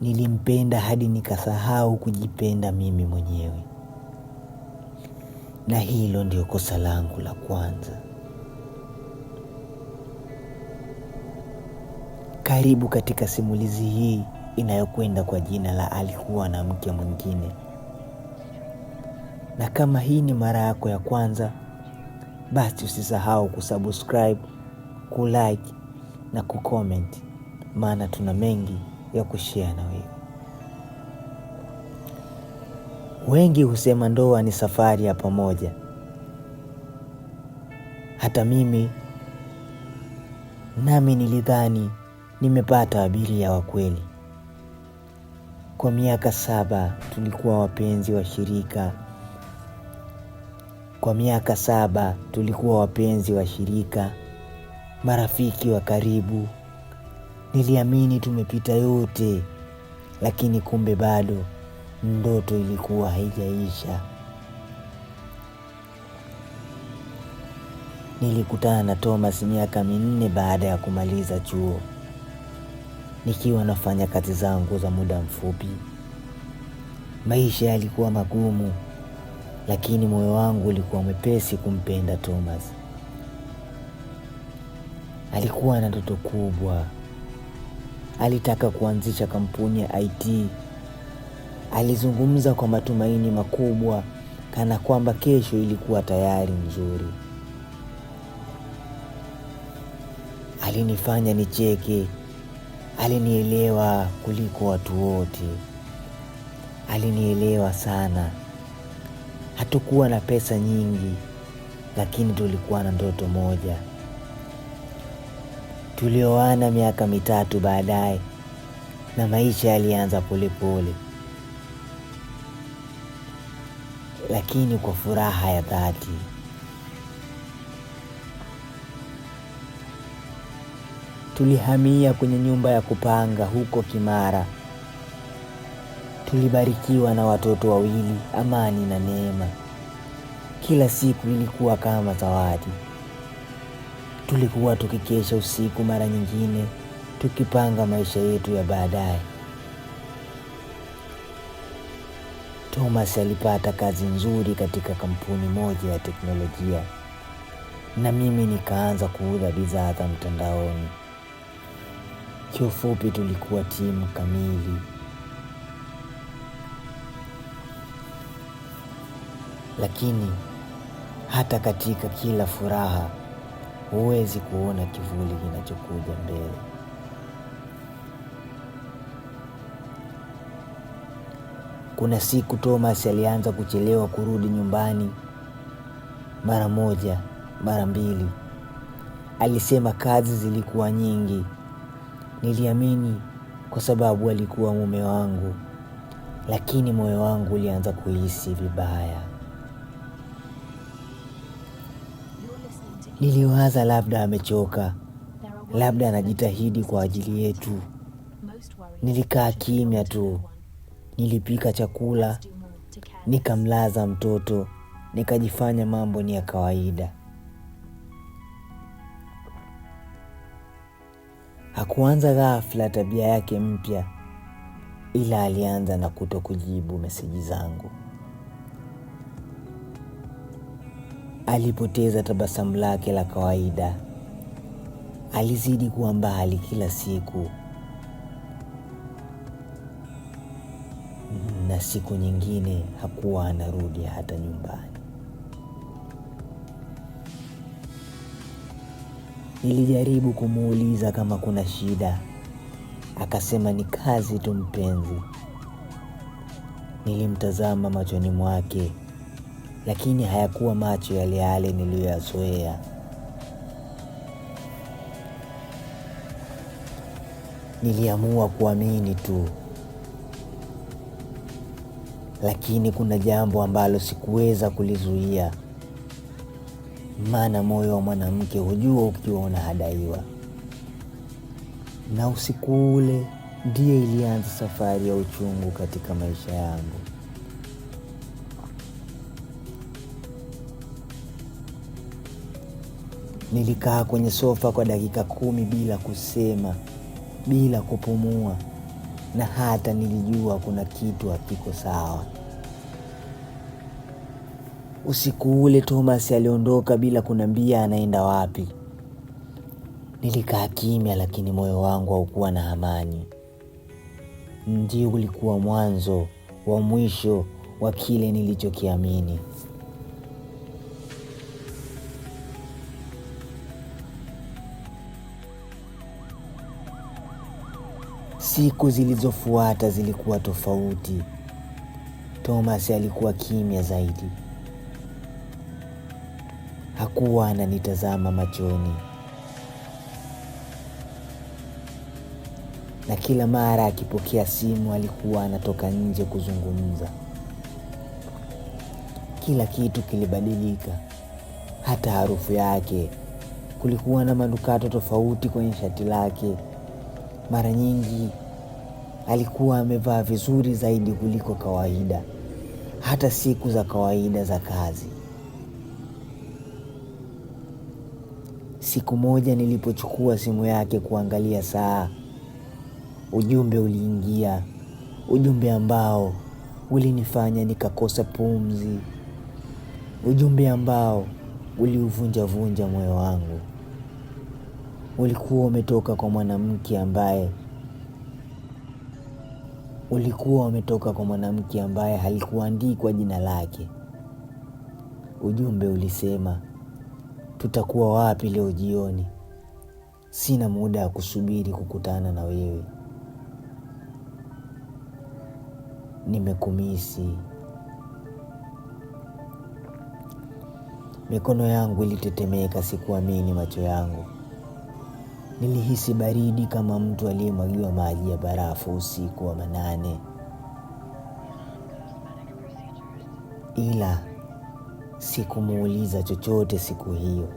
nilimpenda hadi nikasahau kujipenda mimi mwenyewe, na hilo ndio kosa langu la kwanza. Karibu katika simulizi hii inayokwenda kwa jina la alikuwa na mke mwingine. Na kama hii ni mara yako ya kwanza, basi usisahau kusubscribe, kulike na kucomment, maana tuna mengi ya kushia na wewe. Wengi husema ndoa ni safari ya pamoja. Hata mimi nami nilidhani nimepata abiria wa kweli. Kwa miaka saba tulikuwa wapenzi wa shirika. Kwa miaka saba tulikuwa wapenzi wa shirika, marafiki wa karibu. Niliamini tumepita yote, lakini kumbe bado ndoto ilikuwa haijaisha. Nilikutana na Thomas miaka minne baada ya kumaliza chuo, nikiwa nafanya kazi zangu za muda mfupi. Maisha yalikuwa magumu, lakini moyo wangu ulikuwa mwepesi kumpenda Thomas. Alikuwa na ndoto kubwa alitaka kuanzisha kampuni ya IT. Alizungumza kwa matumaini makubwa, kana kwamba kesho ilikuwa tayari nzuri. Alinifanya nicheke, alinielewa kuliko watu wote, alinielewa sana. Hatukuwa na pesa nyingi, lakini tulikuwa na ndoto moja. Tulioana miaka mitatu baadaye na maisha yalianza polepole, lakini kwa furaha ya dhati. Tulihamia kwenye nyumba ya kupanga huko Kimara. Tulibarikiwa na watoto wawili, Amani na Neema. Kila siku ilikuwa kama zawadi. Tulikuwa tukikesha usiku mara nyingine, tukipanga maisha yetu ya baadaye. Thomas alipata kazi nzuri katika kampuni moja ya teknolojia na mimi nikaanza kuuza bidhaa za mtandaoni. Kiufupi, tulikuwa timu kamili. Lakini hata katika kila furaha huwezi kuona kivuli kinachokuja mbele. Kuna siku Thomas alianza kuchelewa kurudi nyumbani, mara moja, mara mbili. Alisema kazi zilikuwa nyingi. Niliamini kwa sababu alikuwa mume wangu, lakini moyo wangu ulianza kuhisi vibaya. Niliwaza labda amechoka, labda anajitahidi kwa ajili yetu. Nilikaa kimya tu, nilipika chakula, nikamlaza mtoto, nikajifanya mambo ni ya kawaida. Hakuanza ghafla tabia yake mpya, ila alianza na kuto kujibu meseji zangu. Alipoteza tabasamu lake la kawaida. Alizidi kuwa mbali kila siku, na siku nyingine hakuwa anarudi hata nyumbani. Nilijaribu kumuuliza kama kuna shida, akasema ni kazi tu mpenzi. Nilimtazama machoni mwake lakini hayakuwa macho yale yale niliyoyazoea. Niliamua kuamini tu, lakini kuna jambo ambalo sikuweza kulizuia, maana moyo wa mwanamke hujua ukiwa unahadaiwa. Na usiku ule ndiye ilianza safari ya uchungu katika maisha yangu. Nilikaa kwenye sofa kwa dakika kumi bila kusema, bila kupumua, na hata nilijua kuna kitu hakiko sawa. Usiku ule Thomas aliondoka bila kuniambia anaenda wapi. Nilikaa kimya, lakini moyo wangu haukuwa na amani. Ndio ulikuwa mwanzo wa mwisho wa kile nilichokiamini. Siku zilizofuata zilikuwa tofauti. Thomas alikuwa kimya zaidi, hakuwa ananitazama machoni, na kila mara akipokea simu alikuwa anatoka nje kuzungumza. Kila kitu kilibadilika, hata harufu yake. Kulikuwa na manukato tofauti kwenye shati lake mara nyingi alikuwa amevaa vizuri zaidi kuliko kawaida, hata siku za kawaida za kazi. Siku moja nilipochukua simu yake kuangalia saa, ujumbe uliingia, ujumbe ambao ulinifanya nikakosa pumzi, ujumbe ambao uliuvunjavunja moyo wangu. Ulikuwa umetoka kwa mwanamke ambaye ulikuwa umetoka kwa mwanamke ambaye halikuandikwa jina lake. Ujumbe ulisema, tutakuwa wapi leo jioni? Sina muda wa kusubiri kukutana na wewe, nimekumisi. Mikono yangu ilitetemeka, sikuamini macho yangu. Nilihisi baridi kama mtu aliyemwagiwa maji ya barafu usiku wa manane, ila sikumuuliza chochote siku hiyo.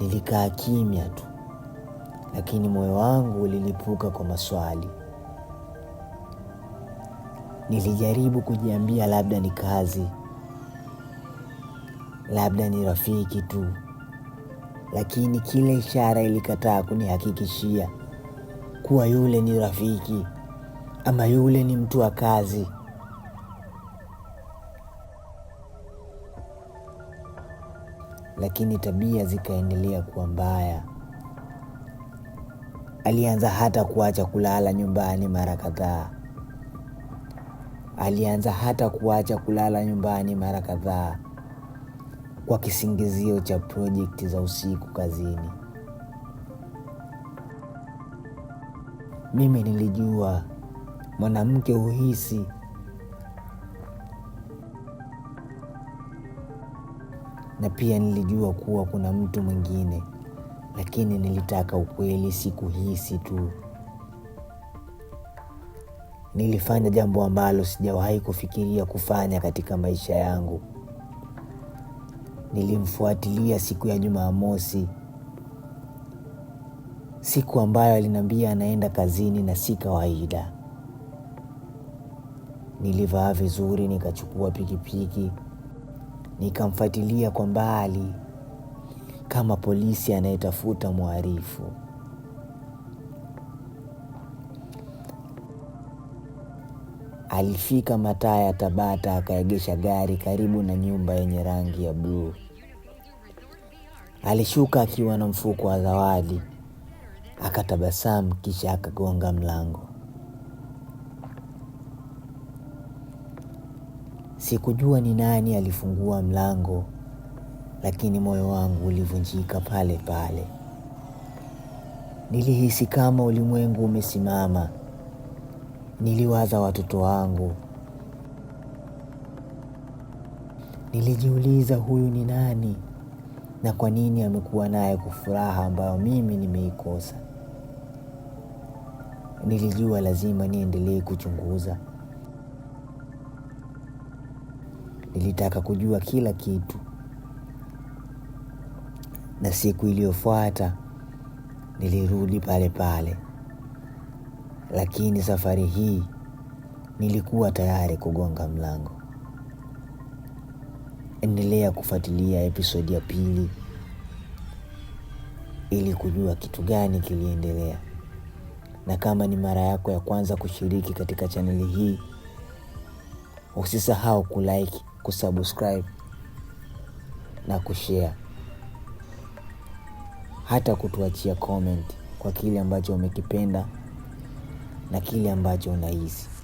Nilikaa kimya tu, lakini moyo wangu ulilipuka kwa maswali. Nilijaribu kujiambia, labda ni kazi, labda ni rafiki tu lakini kila ishara ilikataa kunihakikishia kuwa yule ni rafiki ama yule ni mtu wa kazi. Lakini tabia zikaendelea kuwa mbaya. Alianza hata kuacha kulala nyumbani mara kadhaa. Alianza hata kuacha kulala nyumbani mara kadhaa kwa kisingizio cha projekti za usiku kazini. Mimi nilijua mwanamke huhisi na pia nilijua kuwa kuna mtu mwingine, lakini nilitaka ukweli, kuhisi tu. Nilifanya jambo ambalo sijawahi kufikiria kufanya katika maisha yangu nilimfuatilia siku ya jumaamosi siku ambayo aliniambia anaenda kazini na si kawaida. Nilivaa vizuri, nikachukua pikipiki, nikamfuatilia kwa mbali kama polisi anayetafuta mwarifu Alifika mataa ya Tabata, akaegesha gari karibu na nyumba yenye rangi ya bluu. Alishuka akiwa na mfuko wa zawadi, akatabasamu, kisha akagonga mlango. Sikujua ni nani alifungua mlango, lakini moyo wangu ulivunjika pale pale. Nilihisi kama ulimwengu umesimama. Niliwaza watoto wangu, nilijiuliza, huyu ni nani? na kwa nini amekuwa naye kwa furaha ambayo mimi nimeikosa. Nilijua lazima niendelee kuchunguza. Nilitaka kujua kila kitu, na siku iliyofuata nilirudi pale pale, lakini safari hii nilikuwa tayari kugonga mlango endelea kufuatilia episodi ya pili ili kujua kitu gani kiliendelea. Na kama ni mara yako ya kwanza kushiriki katika chaneli hii, usisahau kulike, kusubscribe na kushare, hata kutuachia comment kwa kile ambacho umekipenda na kile ambacho unahisi.